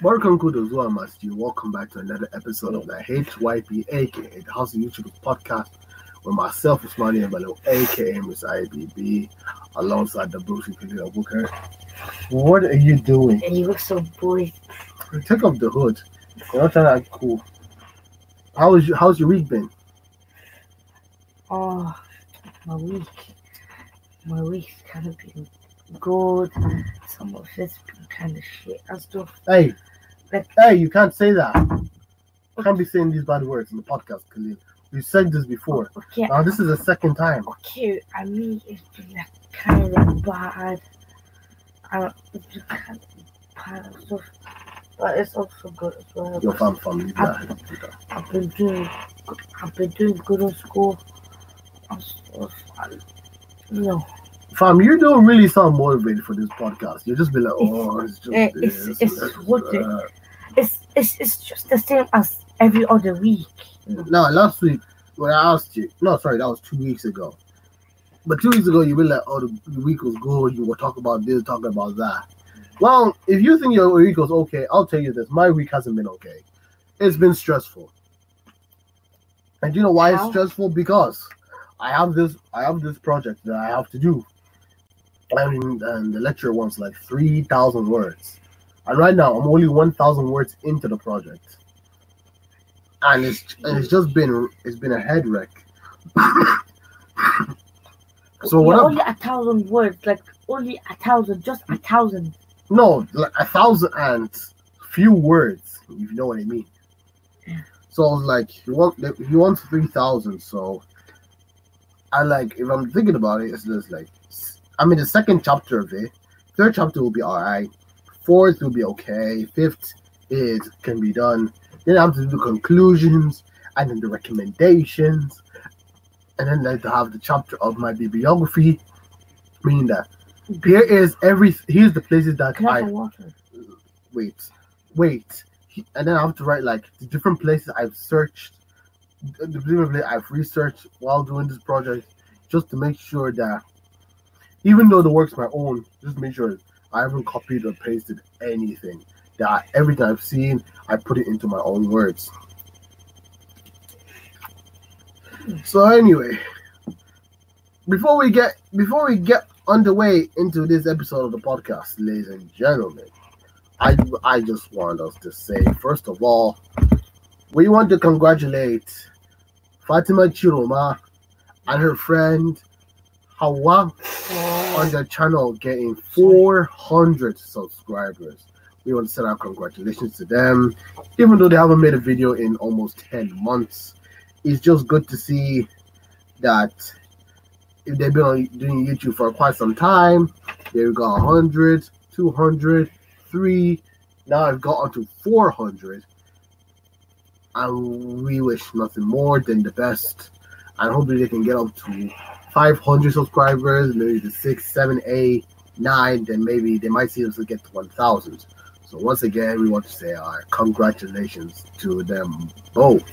Welcome kudos well, must you. Welcome back to another episode of the HYP, aka the House of YouTube podcast, with myself, Usmani Abalo, aka Miss IBB, alongside the Bruce Peter Booker. What are you doing? you look so boy. Take off the hood. You're not trying to cool. How is your, how's your week been? Oh, my week. My week's kind of been Good, Some of it's been kind of shit and stuff. Hey, like, hey, you can't say that. You can't be saying these bad words in the podcast, Khalil. We've said this before. Okay. Now this is the second time. Okay, I mean it's been like kind of bad. I uh, you kind of bad and stuff, but it's also good as well. Your fam family. I've, yeah. I've been doing, I've been doing good in school I'm so fine. No fam, you don't really sound motivated for this podcast. you just be like, oh, it's, it's just uh, this, it's, it's, it's, what it, it's, it's, it's just the same as every other week. Mm. No, last week when I asked you, no, sorry, that was two weeks ago. But two weeks ago, you were like, oh, the week was good. You were talking about this, talking about that. Well, if you think your week was okay, I'll tell you this: my week hasn't been okay. It's been stressful, and you know why wow. it's stressful? Because I have this, I have this project that I have to do planning and the lecture wants like 3,000 words. And right now, I'm only 1,000 words into the project. And it's, and it's just been, it's been a head wreck. so what only a thousand words, like only a thousand, just a thousand. No, like a thousand and few words, if you know what I mean. So I was like, you want you want three thousand, so I like if I'm thinking about it, it's just like I mean, the second chapter of it, third chapter will be all right. Fourth will be okay. Fifth is can be done. Then I have to do the conclusions and then the recommendations, and then I have the chapter of my bibliography, meaning that here is every here's the places that Can I, I wait, wait, and then I have to write like the different places I've searched, the different places I've researched while doing this project, just to make sure that even though the work's my own, just make sure I haven't copied or pasted anything. That everything I've seen, I put it into my own words. So anyway, before we get before we get underway into this episode of the podcast, ladies and gentlemen, I I just want us to say first of all, we want to congratulate Fatima Chiroma and her friend Hawa on the channel getting 400 subscribers. We want to send our congratulations to them, even though they haven't made a video in almost 10 months. It's just good to see that if they've been on, doing YouTube for quite some time, they've got 100, 200, 3, now I've up to 400. And we wish nothing more than the best. I hope that they can get up to 500 subscribers, maybe the six, seven, eight, nine, then maybe they might see us get to 1,000. So once again, we want to say our congratulations to them both.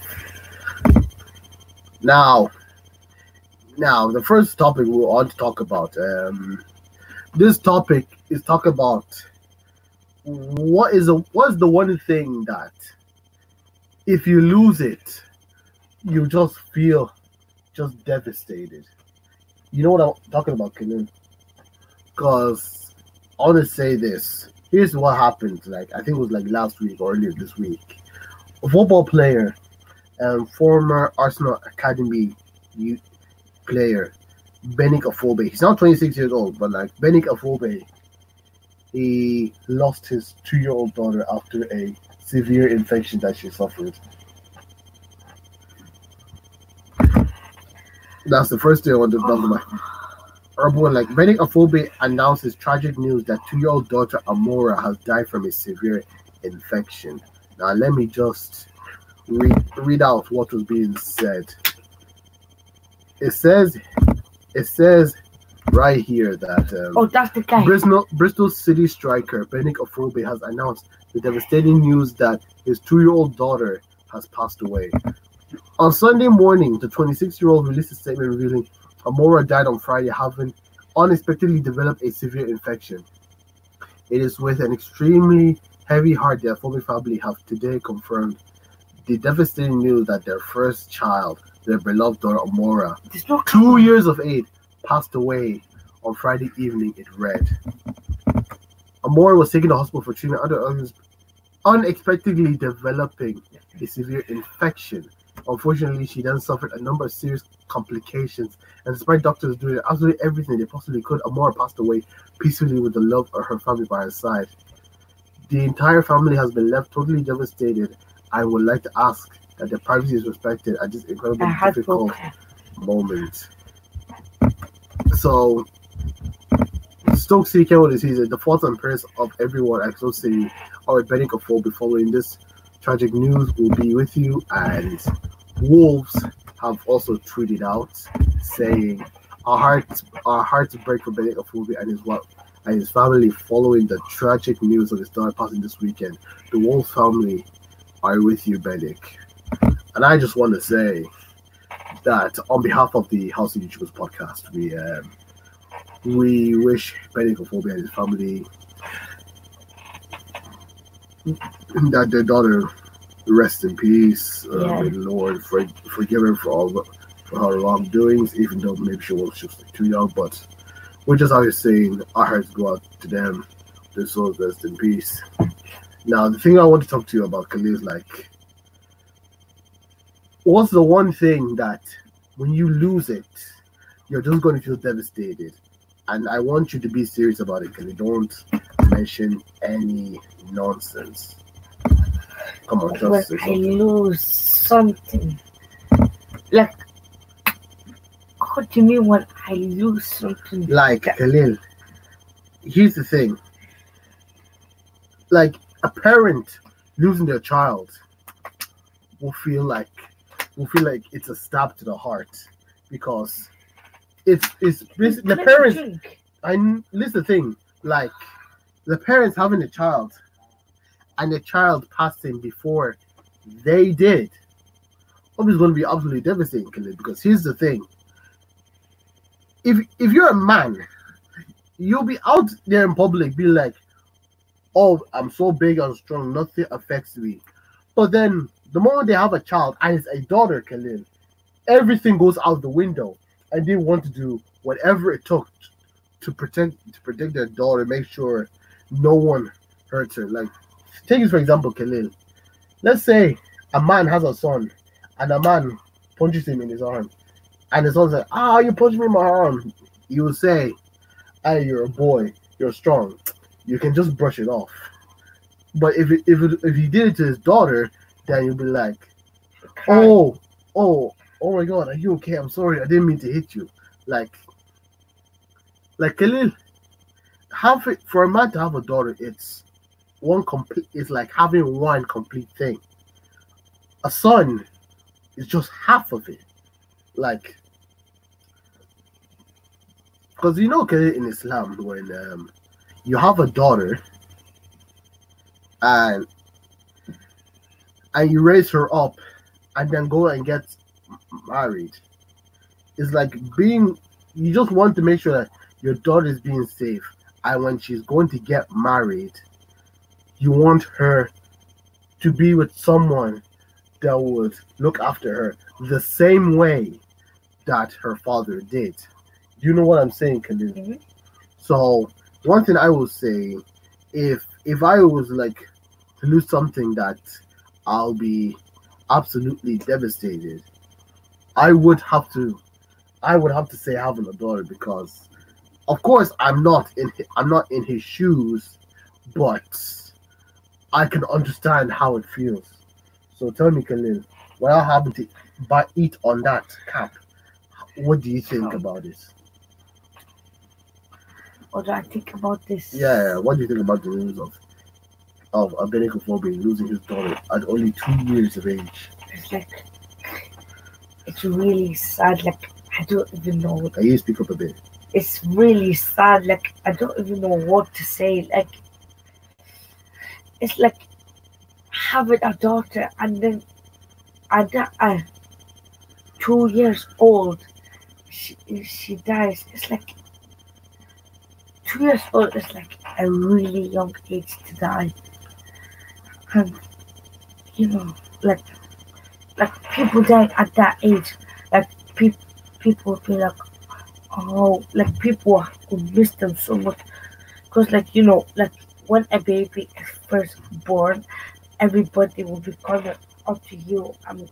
Now, now the first topic we want to talk about. Um, this topic is talk about what is a, what is the one thing that if you lose it, you just feel just devastated you know what I'm talking about, Kenan. Because I want to say this. Here's what happened. Like I think it was like last week or earlier this week. A football player and um, former Arsenal Academy youth player Benik Afobe. He's not 26 years old, but like Benik Afobe, he lost his two-year-old daughter after a severe infection that she suffered. That's the first thing I want to talk about. Urban like Benning Afobe announces tragic news that two-year-old daughter Amora has died from a severe infection. Now let me just read read out what was being said. It says it says right here that um, oh that's the guy Bristol Bristol City striker Benik Afobe has announced the devastating news that his two-year-old daughter has passed away. On Sunday morning, the 26 year old released a statement revealing Amora died on Friday, having unexpectedly developed a severe infection. It is with an extremely heavy heart that former family have today confirmed the devastating news that their first child, their beloved daughter Amora, two years of age, passed away on Friday evening, it read. Amora was taken to hospital for treatment under unexpectedly developing a severe infection Unfortunately, she then suffered a number of serious complications, and despite doctors doing absolutely everything they possibly could, Amora passed away peacefully with the love of her family by her side. The entire family has been left totally devastated. I would like to ask that their privacy is respected at this incredibly difficult moment. So, Stoke City came on the season, the fourth and prayers of everyone at Stoke City are a Benning be following this tragic news will be with you and Wolves have also tweeted out saying, "Our hearts, our hearts break for Benedict Ofubi and his wife And his family following the tragic news of his daughter passing this weekend. The Wolves family are with you, Benedict. And I just want to say that on behalf of the House of YouTubers podcast, we um, we wish Benedict Ofubi and his family that their daughter rest in peace. Uh, yeah. May the Lord for, forgive her for all for her wrongdoings, even though maybe she was just like, too young. But we're just always saying our hearts go out to them. Their souls rest in peace. Now, the thing I want to talk to you about, Khalil, is like, what's the one thing that when you lose it, you're just going to feel devastated? And I want you to be serious about it because you don't mention any nonsense. Come on, just I lose something. Like, what do you mean when I lose something? Like, Khalil, here's the thing. Like, a parent losing their child will feel like will feel like it's a stab to the heart because it's it's the parents. I this is the thing. Like the parents having a child and a child passed him before they did. Obviously, going to be absolutely devastating, Khalid, because here's the thing. If if you're a man, you'll be out there in public being like, oh, I'm so big and strong, nothing affects me. But then the moment they have a child and it's a daughter, Khalid, everything goes out the window. And they want to do whatever it took to protect to protect their daughter, make sure no one hurts her. Like Take this for example, Khalil. Let's say a man has a son, and a man punches him in his arm, and his son says, "Ah, oh, you punched me in my arm." You will say, "Hey, you're a boy. You're strong. You can just brush it off." But if it, if it, if he did it to his daughter, then you'll be like, "Oh, oh, oh my God, are you okay? I'm sorry. I didn't mean to hit you." Like, like Khalil, have it, for a man to have a daughter, it's one complete is like having one complete thing. A son is just half of it. Like because you know in Islam when um, you have a daughter and and you raise her up and then go and get married. It's like being you just want to make sure that your daughter is being safe and when she's going to get married you want her to be with someone that would look after her the same way that her father did. You know what I'm saying, Kalu? Mm-hmm. So one thing I will say, if if I was like to lose something that I'll be absolutely devastated, I would have to I would have to say having a daughter because of course I'm not in I'm not in his shoes, but I can understand how it feels. So tell me, Khalil, what happened to buy, eat on that cap, what do you think oh. about this? What do I think about this? Yeah, what do you think about the news of of being losing his daughter at only two years of age? It's like it's really sad. Like I don't even know. Can you speak up a bit? It's really sad. Like I don't even know what to say. Like it's like having a daughter and then at a uh, two years old she, she dies it's like two years old is like a really young age to die and you know like like people die at that age like pe- people feel like oh like people miss them so much because like you know like when a baby is First born, everybody will be calling up to you. I'm,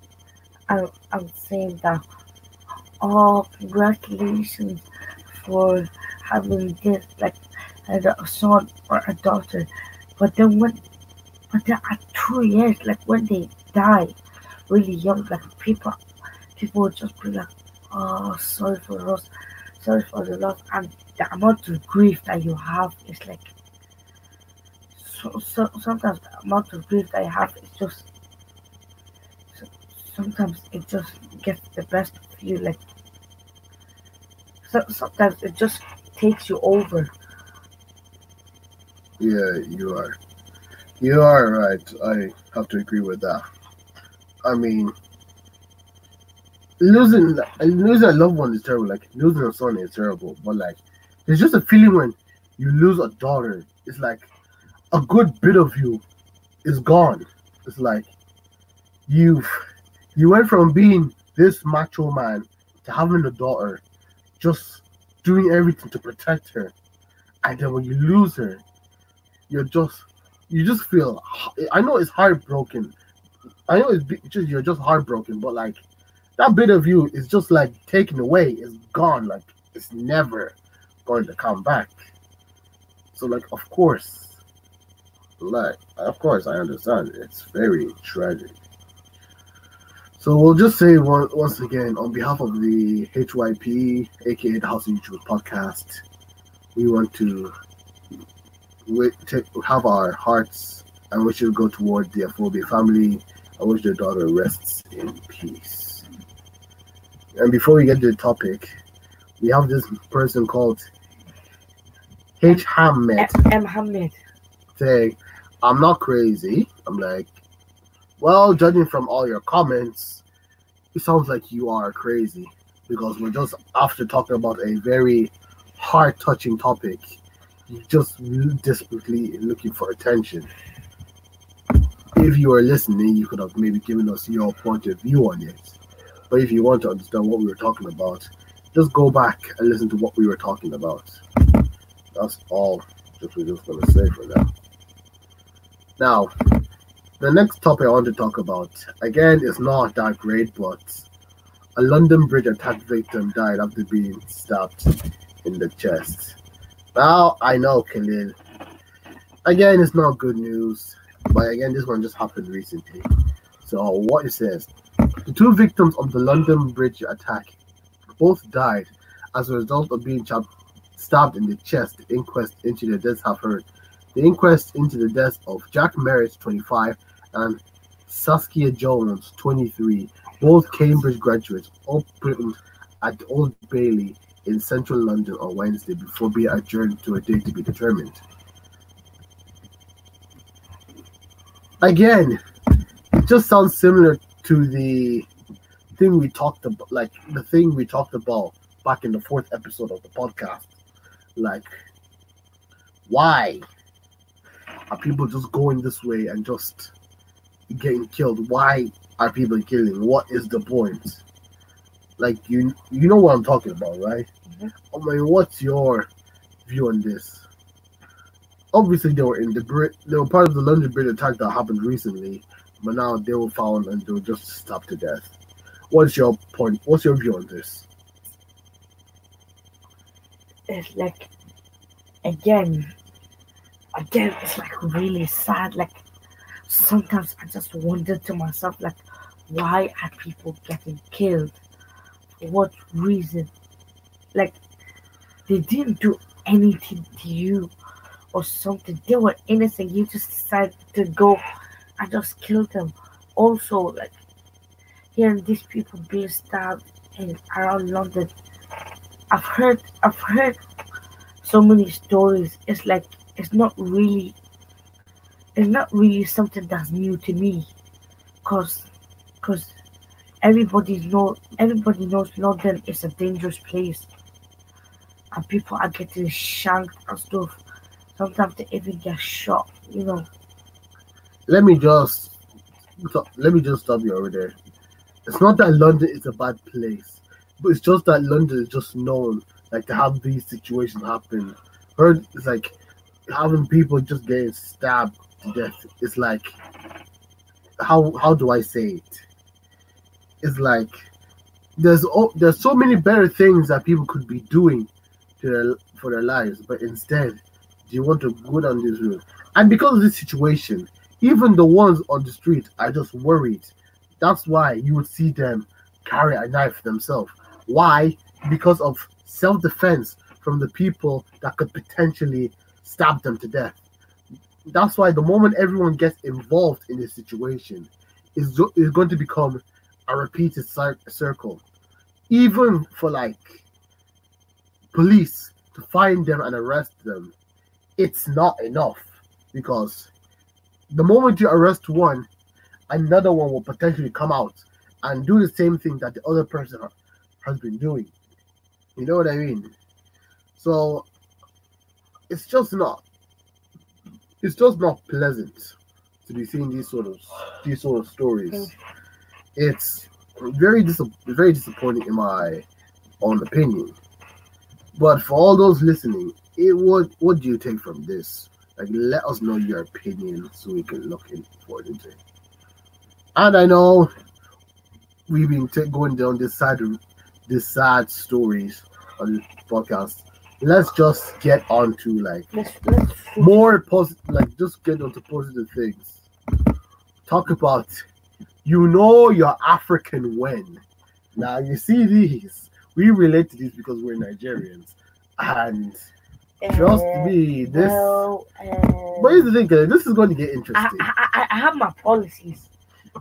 I'm, I'm saying that. Oh, congratulations for having this, like a son or a daughter. But then when, but then at two years, like when they die, really young, like people, people just be like, oh, sorry for us, sorry for the loss, and the amount of grief that you have is like so, sometimes the amount of grief that I have is just sometimes it just gets the best of you. Like so, sometimes it just takes you over. Yeah, you are. You are right. I have to agree with that. I mean, losing losing a loved one is terrible. Like losing a son is terrible. But like, there's just a feeling when you lose a daughter. It's like a good bit of you is gone. It's like you've you went from being this macho man to having a daughter, just doing everything to protect her, and then when you lose her, you're just you just feel. I know it's heartbroken. I know it's just you're just heartbroken, but like that bit of you is just like taken away. It's gone. Like it's never going to come back. So like, of course, black. Of course, I understand. It's very tragic. So we'll just say once again, on behalf of the HYP, aka the House of YouTube podcast, we want to have our hearts and wishes go toward the Afobe family. I wish their daughter rests in peace. And before we get to the topic, we have this person called H. Hammett. M. Hamid. Say, I'm not crazy. I'm like, well, judging from all your comments, it sounds like you are crazy because we're just after talking about a very hard touching topic. You're just desperately looking for attention. If you were listening, you could have maybe given us your point of view on it. But if you want to understand what we were talking about, just go back and listen to what we were talking about. That's all that we're just going to say for now. Now, the next topic I want to talk about, again, is not that great, but a London Bridge attack victim died after being stabbed in the chest. Now, I know, Khalil. Again, it's not good news, but again, this one just happened recently. So, what it says the two victims of the London Bridge attack both died as a result of being stabbed in the chest, the inquest into the deaths have heard the inquest into the deaths of Jack Merritt, 25, and Saskia Jones, 23, both Cambridge graduates, opened at Old Bailey in central London on Wednesday before being adjourned to a date to be determined. Again, it just sounds similar to the thing we talked about, like the thing we talked about back in the fourth episode of the podcast. Like, why? are people just going this way and just getting killed? Why are people killing? What is the point? Like you, you know what I'm talking about, right? Mm-hmm. I mean, what's your view on this? Obviously, they were in the Brit. They were part of the London Bridge attack that happened recently, but now they were found and they were just stabbed to death. What's your point? What's your view on this? It's like, again, again, it's like really sad. Like sometimes I just wonder to myself, like, why are people getting killed? For what reason? Like they didn't do anything to you or something. They were innocent. You just decided to go and just kill them. Also, like hearing these people being stabbed in around London. I've heard I've heard so many stories. It's like it's not really it's not really something that's new to me because because everybody know everybody knows london is a dangerous place and people are getting shanked and stuff sometimes they even get shot you know let me just let me just stop you over there it's not that london is a bad place but it's just that london is just known like to have these situations happen heard it's like having people just getting stabbed to death is like how how do I say it? It's like there's oh, there's so many better things that people could be doing to their, for their lives, but instead they want to go down this road. And because of this situation, even the ones on the street are just worried. That's why you would see them carry a knife themselves. Why? Because of self defense from the people that could potentially stab them to death. That's why the moment everyone gets involved in this situation, is is going to become a repeated circle. Even for like police to find them and arrest them, it's not enough because the moment you arrest one, another one will potentially come out and do the same thing that the other person has been doing. You know what I mean? So it's just not it's just not pleasant to be seeing these sort of these sort of stories. Mm. It's very dis- very disappointing in my own opinion. But for all those listening, it eh, would what do you take from this? Like let us know your opinion so we can look in into it. And I know we've been t- going down this side this sad stories on this podcast let's just get on to like more positive like just get onto positive things talk about you know you're african when now you see these we relate to these because we're nigerians and Trust eh, me, this. Well, uh, but here's the thing, this is going to get interesting. I, I, I have my policies.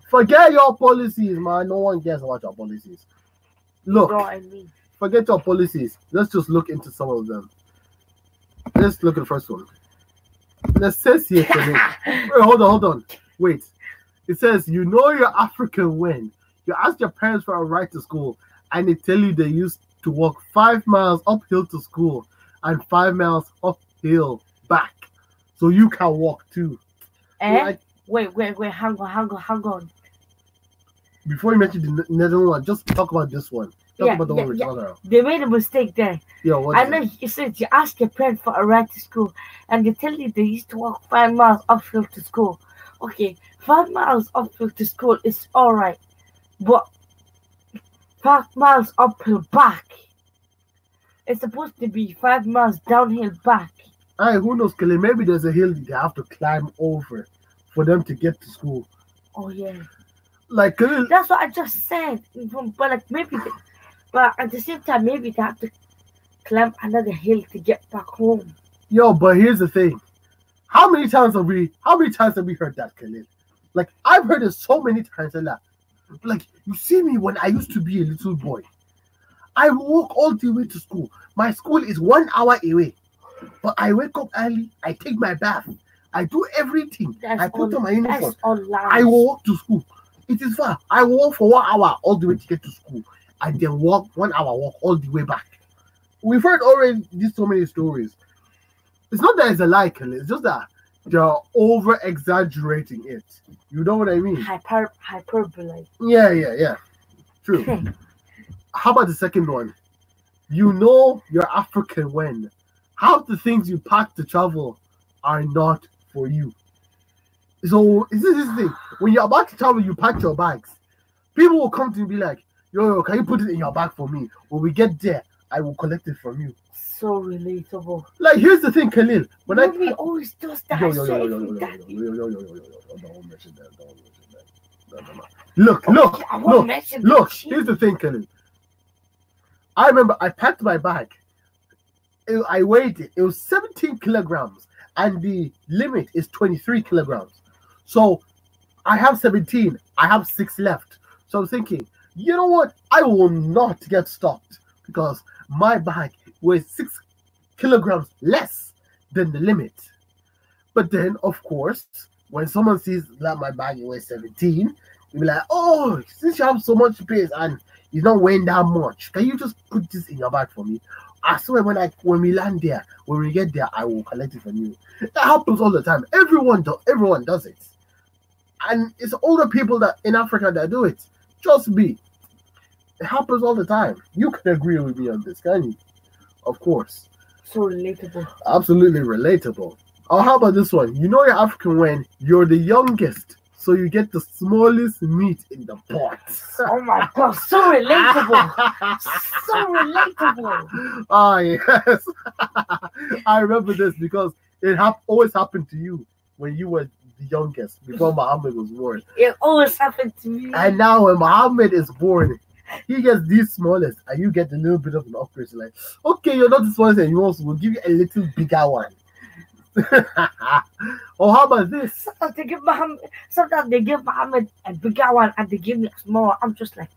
Forget your policies, man. No one cares about your policies. Look, you know I mean? forget your policies. Let's just look into some of them. Let's look at the first one. Let's say Wait, hold on, hold on. Wait. It says, you know you're African when you ask your parents for a ride to school and they tell you they used to walk five miles uphill to school and five miles uphill back. So you can walk too. Eh? Like, wait, wait, wait, hang on, hang on, hang on. Before you mention the another one, just talk about this one. Talk yeah, about the one yeah, They made a mistake there. Yeah, what? I know you said you ask your parent for a ride to school, and they tell you they used to walk five miles uphill to school. Okay, five miles uphill to school is all right, but five miles uphill back. It's supposed to be five miles downhill back. Hey, who knows, Kelly? Maybe there's a hill they have to climb over for them to get to school. Oh yeah. Like that's what I just said. But like maybe but at the same time, maybe they have to climb another hill to get back home. Yo, but here's the thing. How many times have we how many times have we heard that, Khalid? Like I've heard it so many times, Allah. Like you see me when I used to be a little boy. I walk all the way to school. My school is one hour away. But I wake up early, I take my bath, I do everything. That's I put on my uniform. I walk to school. It is far. I walk for one hour all the way to get to school and then walk one hour walk all the way back. We've heard already these so many stories. It's not that it's a lie, Kelly. It's just that they're over exaggerating it. You know what I mean? Hyper hyperbole. Yeah, yeah, yeah. True. How about the second one? You know you're African when half the things you pack to travel are not for you. So is this is the thing. When you're about to travel, you pack your bags. People will come to you and be like, yo, yo, can you put it in your bag for me? When we get there, I will collect it from you. So relatable. Like here's the thing, Khalil. When Nobody I always does that. Yo, yo, yo, yo, yo, yo, yo, yo, yo, yo, yo, don't mention that. Don't mention that. Look, look, look, look. Here's the thing, Khalil. I remember I packed my bag. I weighed it. It was 17 kilograms, and the limit is 23 kilograms. So I have 17. I have six left. So I'm thinking, you know what? I will not get stopped because my bag weighs six kilograms less than the limit. But then, of course, when someone sees that my bag weighs 17, you'll be like, oh, since you have so much space and it's not weighing that much, can you just put this in your bag for me? I swear, when I when we land there, when we get there, I will collect it from you. That happens all the time. Everyone does. Everyone does it, and it's all the people that in Africa that do it. Just be. It happens all the time. You can agree with me on this, can you? Of course. So relatable. Absolutely relatable. Oh, how about this one? You know you're African when you're the youngest, so you get the smallest meat in the pot. Oh my god, so relatable. so relatable. Ah, yes. I remember this because it ha- always happened to you when you were the youngest before Muhammad was born. It always happened to me. And now when Muhammad is born, he gets the smallest, and you get a little bit of an upgrade. Like, okay, you're not the smallest anymore, so we'll give you a little bigger one. oh, how about this? Sometimes they give Muhammad, sometimes they give Muhammad a bigger one, and they give me a small. I'm just like,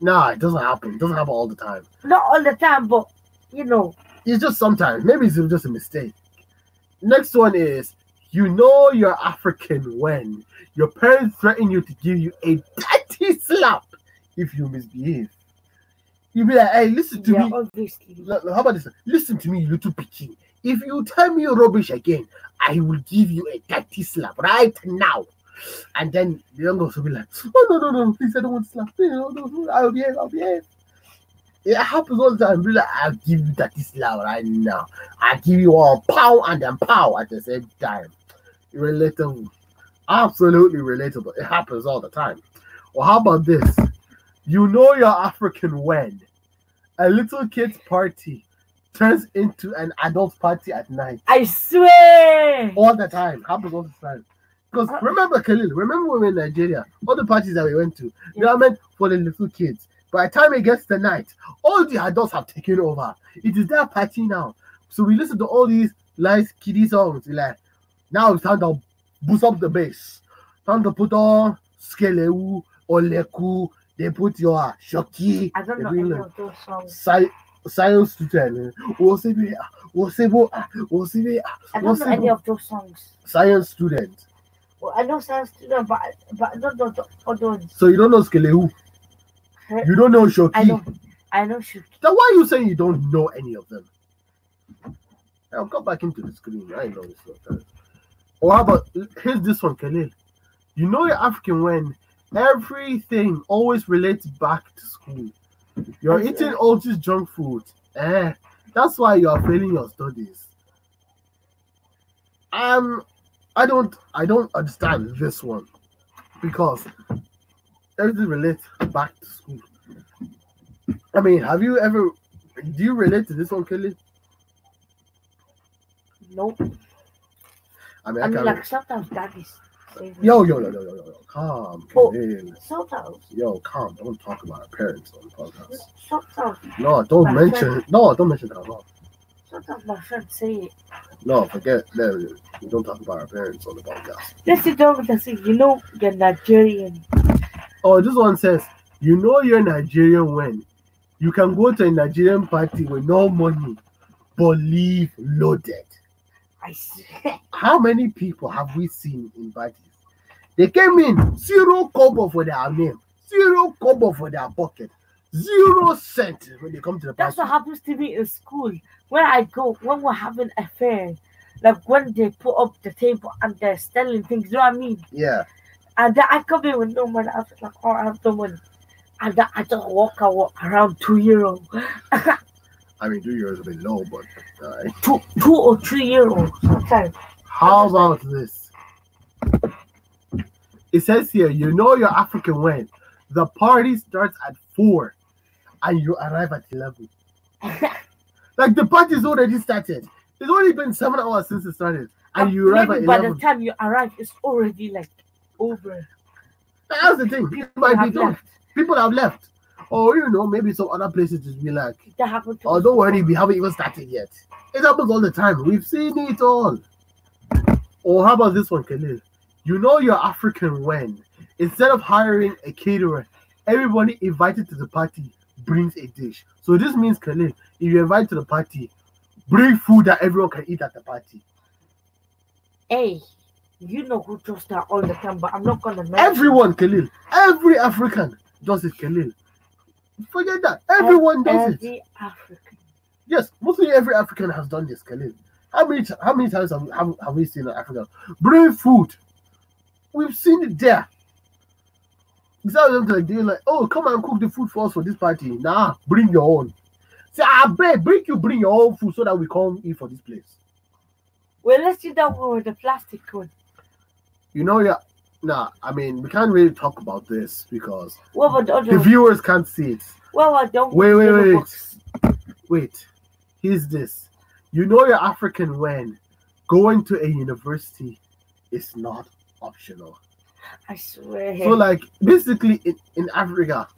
nah, it doesn't happen. It doesn't happen all the time. Not all the time, but you know, it's just sometimes. Maybe it's just a mistake. Next one is you know you're African when your parents threaten you to give you a dirty slap if you misbehave. You'll be like, hey, listen to yeah, me. Obviously. How about this? Listen to me, you little pigeon. If you tell me rubbish again, I will give you a dirty slap right now. And then the young girls will be like, oh, no, no, no, please, I don't want to slap. I'll behave, I'll behave. It happens all the time. I'll give you that this loud right now. I'll give you all pow and then pow at the same time relatable. Absolutely relatable. It happens all the time. Well, how about this? You know you're African when a little kid's party turns into an adult party at night. I swear. All the time. Happens all the time. Because uh, remember, Khalil, remember when we were in Nigeria, all the parties that we went to, yeah. they were meant for the little kids. By the time it gets to night, all the adults have taken over. It is their party now. So we listen to all these nice kiddie songs. We're like, now it's time to boost up the bass. Time to put on Skeleu, Oleku, they put your Shoki. I don't know any of those songs. Science student. Osebe, Osebo, Osebe. I don't know any of those songs. Science student. Well, I know science student, but but I don't know all those. So you don't know Skeleu. You don't know Shoki. I know. I know Shoki. Then why are you saying you don't know any of them? I'll go back into the screen. I know it's not that. Or how about here's this one, Khalil? You know you're African when everything always relates back to school. You're eating all this junk food. Eh, that's why you are failing your studies. Um, I don't, I don't understand this one because everything relates back to school. I mean, have you ever? Do you relate to this one, Kelly? Nope. I mean, I, I mean, like sometimes God is. Yo, yo, yo, yo, yo, yo, calm. Oh, sometimes. Yo, calm. Don't talk about our parents on the podcast. Sometimes. No, don't my mention. Friend, no, don't mention that at Sometimes my friends say it. No, forget that. We don't talk about our parents on the podcast. Yes, you don't because you know you're Nigerian. Oh, this one says, you know you're Nigerian when you can go to a Nigerian party with no money, but leave loaded. I How many people have we seen in badges? They came in zero kobo for their name, zero kobo for their pocket, zero cent when they come to the That's what happens to me in school. When I go, when we're having a fair, like when they put up the table and they're selling things, you know what I mean? Yeah. And then I come in with no money. I was like, oh, I have no money. And then I just walk, walk around two euro. I mean, two years have been low, but uh, two, two or three years. old. Okay. How about this? It says here, you know your African when the party starts at four, and you arrive at eleven. like the party's already started. It's only been seven hours since it started, and, you arrive at by 11. the time you arrive, it's already like over. That's the thing. People, people have, left. people have left. Or you know, maybe some other places just be like that happened to Oh, don't worry, we haven't even started yet. It happens all the time. We've seen it all. Or oh, how about this one, Khalil? You know you're African when instead of hiring a caterer, everybody invited to the party brings a dish. So this means Khalil, if you invite to the party, bring food that everyone can eat at the party. Hey, you know who does that all the time, but I'm not gonna mention. Everyone, Khalil, every African does it, Khalil. Forget that. Everyone every, does it. Every African. Yes, mostly every African has done this, Khalid. How many how many times have, have, have we seen an African bring food? We've seen it there. Instead of them like they like, oh, come and cook the food for us for this party. Nah, bring your own. Say, I beg, bring you bring your own food so that we come eat for this place. Well, let's do that one with the plastic one. You know, yeah, nah, I mean, we can't really talk about this because well, the viewers can't see it. Well, I don't. Wait, wait, wait, wait. Here's this. You know you're African when going to a university is not optional. I swear. So, like, basically, in, in Africa,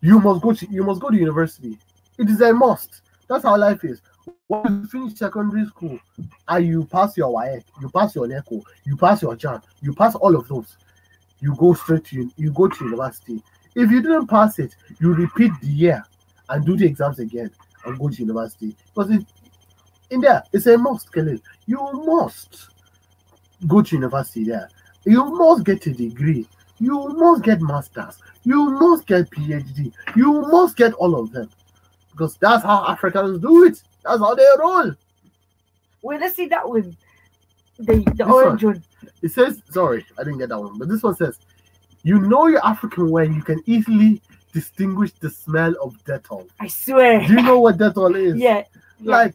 you must go to you must go to university. It is a must. That's how life is. When you finish secondary school and you pass your WAEC, you pass your NECO, you pass your JAM, you pass all of those, you go straight to you go to university. If you didn't pass it, you repeat the year and do the exams again and go to university. Because it, in there, it's a must, Kelly. You must go to university there. You must get a degree. You must get masters. You must get PhD. You must get all of them. Because that's how Africans do it. That's how they roll. Well, let's see that with the, the orange one, one. It says, sorry, I didn't get that one, but this one says, you know you're African when you can easily distinguish the smell of Dettol. I swear. Do you know what Dettol is? yeah, Like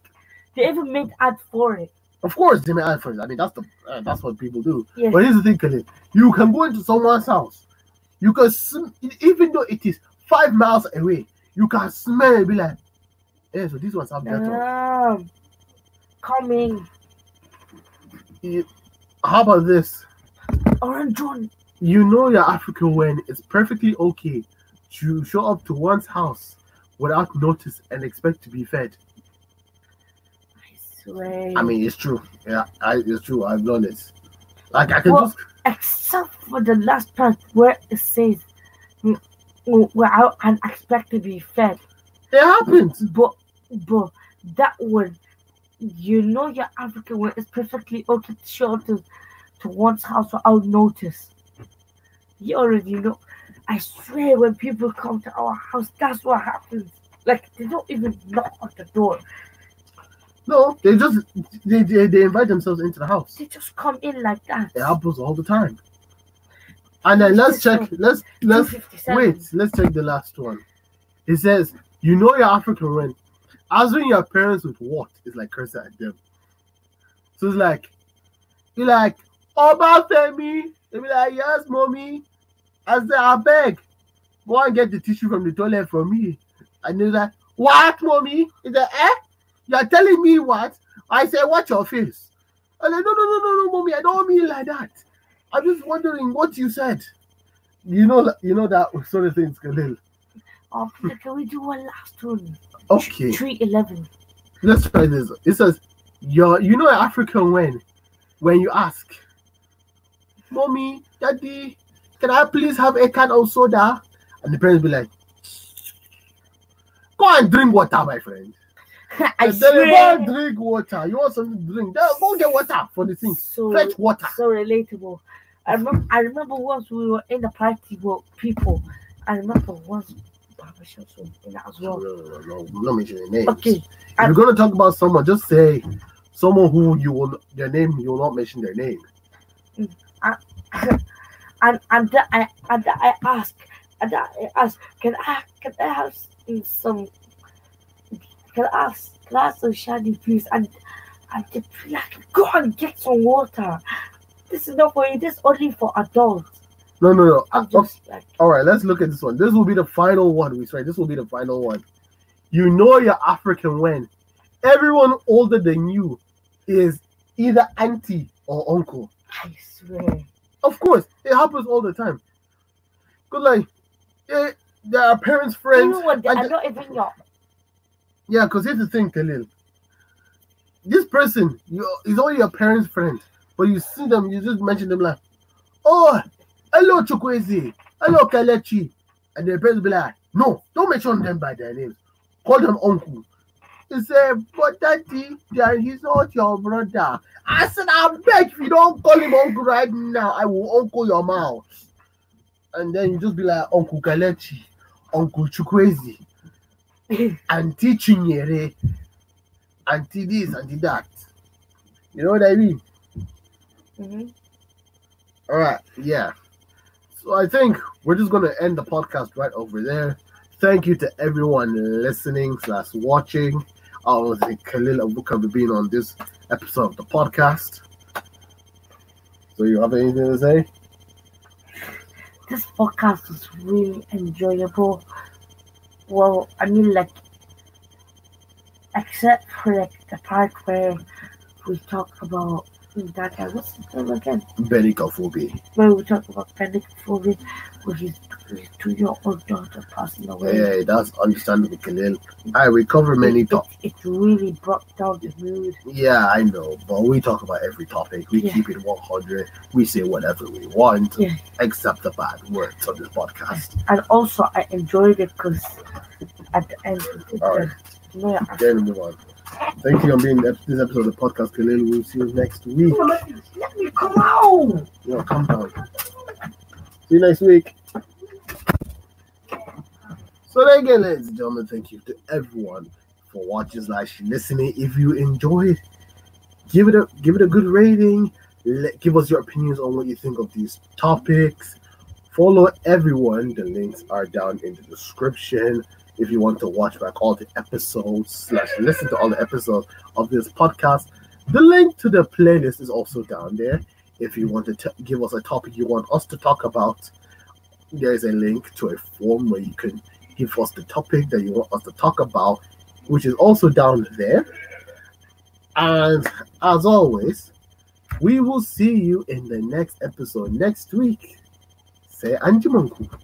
they even made ad for it. Of course, they made ad for it. I mean, that's the uh, that's what people do. Yeah. But here's the thing, Khalid. You can go into someone's house. You can sm- even though it is five miles away, you can smell it. Be like, yeah. So this ones up. there. Um, coming you, how about this? Alright, John, you know your African when it's perfectly okay to show up to one's house without notice and expect to be fed. I swear. I mean, it's true. Yeah, I, it's true. I've done it. Like I can well, just... except for the last part where it says "without are and expect to be fed. It happens. But but that one you know your African when is perfectly okay to show up to, to one's house without notice. You already know. I swear when people come to our house, that's what happens. Like they don't even knock on the door. No, they just they, they, they invite themselves into the house. They just come in like that. It happens all the time. And then let's check. Let's let's wait. Let's check the last one. It says, "You know your African when Asking your parents with what is like cursing at them. So it's like, you're like, Oba Femi. They be like, yes, mommy. I say, I beg. Go and get the tissue from the toilet for me. And they're like, what, mommy? Is that eh? You're telling me what? I say, watch your face. i they like, no, no, no, no, no, mommy. I don't mean like that. I'm just wondering what you said. You know, you know that sort of things, Khalil. After, can we do one last one? Okay. three Let's try this. It says, you you know, African when? When you ask, Mommy, Daddy, can I please have a can of soda? And the parents be like, Go and drink water, my friend. I swear. Go drink water. You want something to drink? Go get water for the thing. So, Fresh water. So relatable. I remember, I remember once we were in the party with people. I remember once no, no, no, not mentioning names. Okay. If I, you're gonna talk about someone, just say someone who you will their name you will not mention their name. I, and and I and I ask and I ask can I can I have some can I ask can I have some shiny please and and to like, go and get some water. This is not for you. This is only for adults. No, no, no. okay. like... All right, let's look at this one. This will be the final one. We sorry, this will be the final one. You know you're African when everyone older than you is either auntie or uncle. I swear. Of course, it happens all the time. Good like, yeah, there are parents, friends. You know what? They are not even your. Yeah, because here's the thing, Khalil. This person you, is only your parents' friend, but you see them, you just mention them like, oh, hello Chukwueze, hello Kalechi, and the parents be like, no, don't mention them by their names. Call them uncle. He said, but daddy, he's not your brother. I said, I bet if you don't call him uncle right now, I will uncle your mouth. And then you just be like, Uncle Kalechi, Uncle Chukwueze, Auntie Chinyere, Auntie this, Auntie that. You know what I mean? Mm-hmm. All right, yeah. So I think we're just going to end the podcast right over there. Thank you to everyone listening slash watching. I was Khalil Abuka for being on this episode of the podcast. So you have anything to say? This podcast was really enjoyable. Well, I mean, like, except for like the part where we talk about that I what's the term again? Bellicophobia. Where we talk about bellicophobia, which is to your old daughter passing away. Yeah, that's understandable, Khalil. I recover many topics. It, it, really brought down the mood. Yeah, I know, but we talk about every topic. We yeah. keep it 100. We say whatever we want, yeah. except the bad words on this podcast. And also, I enjoyed it because at the end, All right. then move on. Thank you for being this episode of the podcast, Khalil. We'll see you next week. Let me come out. Yeah, come down. See you next week. So there again, ladies and gentlemen, thank you to everyone for watching slash listening. If you enjoyed, give it a give it a good rating. Let, give us your opinions on what you think of these topics. Follow everyone. The links are down in the description if you want to watch back all the episodes slash listen to all the episodes of this podcast, the link to the playlist is also down there. If you want to t- give us a topic you want us to talk about, there is a link to a form where you can give us the topic that you want us to talk about, which is also down there. And as always, we will see you in the next episode next week. Say Anjumanku.